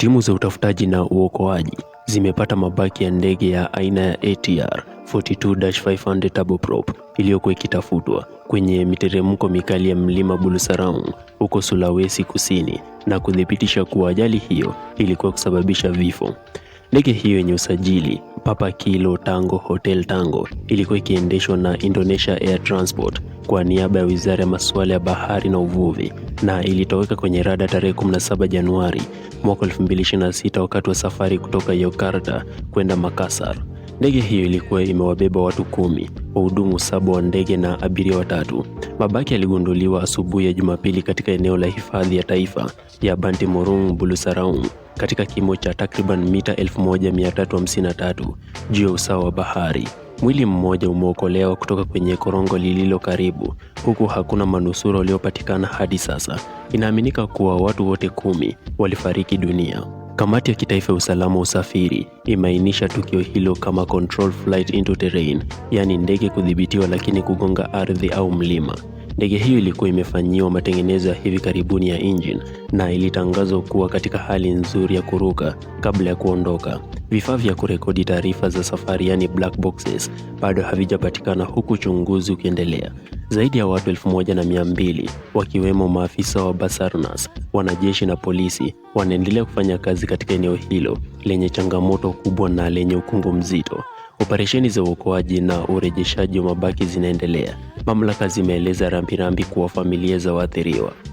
Timu za utafutaji na uokoaji zimepata mabaki ya ndege ya aina ya ATR 42-500 turboprop iliyokuwa ikitafutwa kwenye miteremko mikali ya mlima Bulusaramu huko Sulawesi Kusini na kuthibitisha kuwa ajali hiyo ilikuwa kusababisha vifo. Ndege hiyo yenye usajili Papa Kilo Tango Hotel Tango ilikuwa ikiendeshwa na Indonesia Air Transport kwa niaba ya Wizara ya Masuala ya Bahari na Uvuvi na ilitoweka kwenye rada tarehe 17 Januari mwaka 2026 wakati wa safari kutoka yokarta kwenda Makassar. Ndege hiyo ilikuwa imewabeba watu kumi, wahudumu saba wa ndege na abiria watatu. Mabaki yaligunduliwa asubuhi ya Jumapili katika eneo la hifadhi ya taifa ya banti Morung Bulusaraung katika kimo cha takriban mita 1353 juu ya usawa wa bahari. Mwili mmoja umeokolewa kutoka kwenye korongo lililo karibu, huku hakuna manusura waliopatikana hadi sasa. Inaaminika kuwa watu wote kumi walifariki dunia. Kamati ya Kitaifa ya Usalama wa Usafiri imeainisha tukio hilo kama control flight into terrain, yaani ndege kudhibitiwa lakini kugonga ardhi au mlima. Ndege hiyo ilikuwa imefanyiwa matengenezo ya hivi karibuni ya engine na ilitangazwa kuwa katika hali nzuri ya kuruka kabla ya kuondoka. Vifaa vya kurekodi taarifa za safari yani black boxes bado havijapatikana huku uchunguzi ukiendelea. Zaidi ya watu elfu moja na mia mbili wakiwemo maafisa wa Basarnas, wanajeshi na polisi wanaendelea kufanya kazi katika eneo hilo lenye changamoto kubwa na lenye ukungu mzito. Operesheni za uokoaji na urejeshaji wa mabaki zinaendelea. Mamlaka zimeeleza rambirambi kwa familia za waathiriwa.